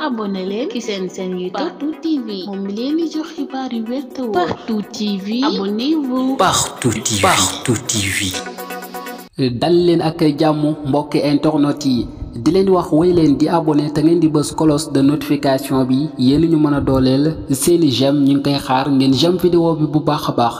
abonné leen seen seen YouTube Partout TV moom mi Partout TV abonnez-vous Partout dal leen ak jàmm mbokki internet yi di leen wax woy leen di abonné te ngeen di bës cloche de notification bi yéen ñu mën a dooleel seeni j'aime ñi ngi koy xaar ngeen j'aime vidéo bi bu baax a baax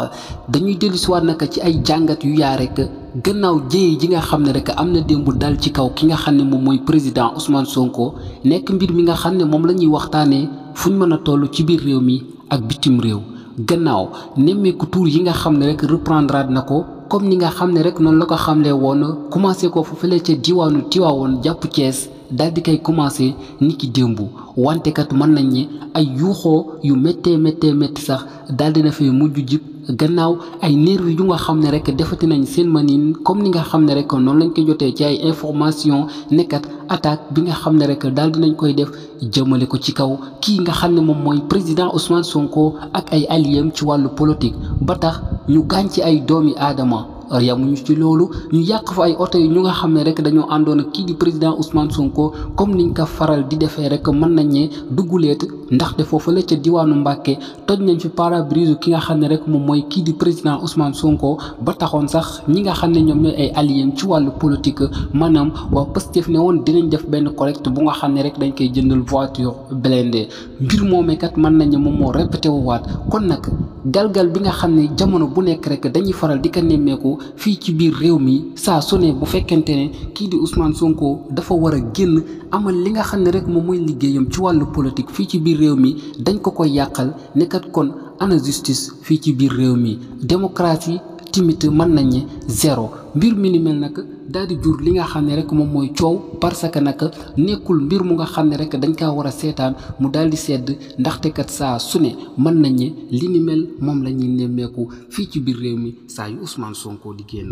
dañuy dellu si waat nag ci ay jàngat yu yaa rek gannaaw jéye ji nga xam ne rek am na démb dal ci kaw ki nga xam ne moom mooy président Ousmane Sonko nekk mbir mi nga xam ne moom la ñuy waxtaanee fu ñu mën a toll ci biir réew mi ak bitim réew gannaaw nemmeeku tuur yi nga xam ne rek reprendre na ko. comme ni nga xam ne rek noonu la ko xamlee woon commencé ko fu fële ca diwaanu Tiwaawoon jàpp Cees daal di koy commencé ni ki démb wante kat mën nañ ay yuuxoo yu méttee méttee métti sax daal dina fay mujj jib gannaaw ay nervi yu nga xam ne rek defati nañ seen manin comme ni nga xam ne rek noonu lañ ko jotee ci ay information nekkat attaque bi nga xam ne rek daal dinañ koy def jëmale ko ci kaw kii nga xam ne moom mooy président Ousmane Sonko ak ay alliés ci wàllu politique ba tax ñu gaañ ci ay doomi aadama yamuñu ci loolu ñu yàq fa ay oto yi ñu nga xam ne rek dañoo àndoon ak kii di président Ousmane Sonko comme niñ ko faral di defee rek mën nañ ne dugguleet ndaxte foofu la ca diwaanu Mbàkke toj nañ fi pare ki nga xam ne rek moom mooy kii di président Ousmane Sonko ba taxoon sax ñi nga xam ne ñoom ñooy ay alliés ci wàllu politique maanaam waa Pastef ne woon dinañ def benn collecte bu nga xam ne rek dañ koy jëndal voiture blindée mbir moomee kat mën nañ ne moom moo répété waat kon nag galgal bi nga xam jamono bu nekk rek dañuy faral di ko nemmeeku fii ci biir réew mi saa su ne bu fekkente ne kii di Ousmane Sonko dafa war a génn amal li nga xam ne rek moom mooy liggéeyam ci wàllu politique fii ci biir réew mi dañ ko koy yàqal nekkat kon ana justice fii ci biir réew mi démocratie timit mën nañ ne zéro mbir mi ni mel nag daal di jur li nga xam ne rek moom mooy coow parce que nag nekkul mbir mu nga xam ne rek dañ kaa war a seetaan mu daal di sedd ndaxte kat saa su ne mën nañ ne li ni mel moom la nemmeeku fii ci biir réew mi saa yu Ousmane Sonko di génn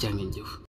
jàngeen jëf.